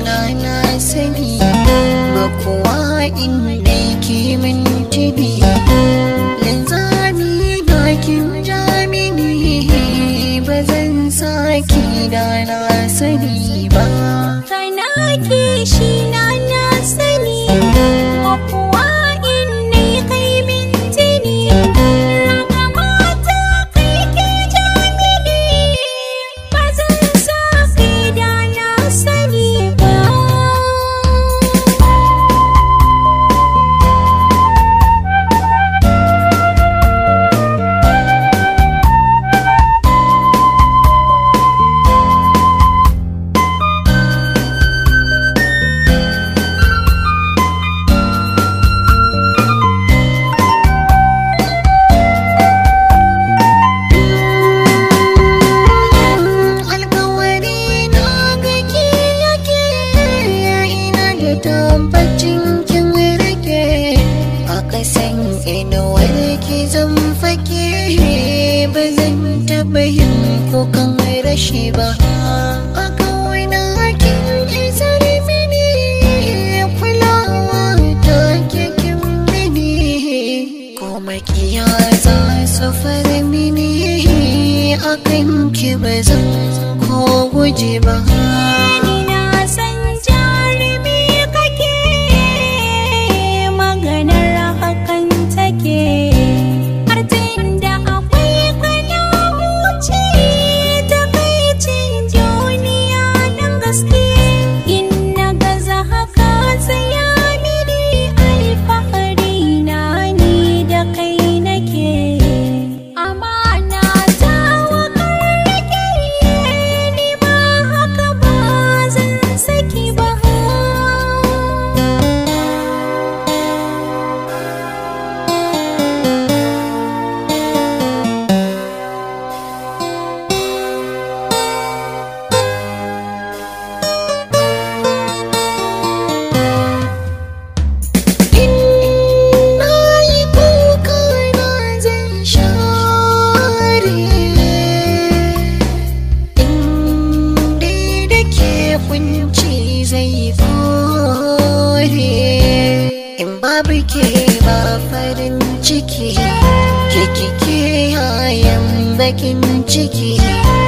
raina na sani ba kuwa inda ke min tibi linzami na jamini ba zan saki da na sani ba kasan inuwar ki zan fake ba zan taɓa yin kukan rashi ba a kawai na hakin mini kulawa ta kekin mini kuma kiya za su fara mini akan ki ba ko guji ba bike ba farin ciki ke kike hayan bakin ciki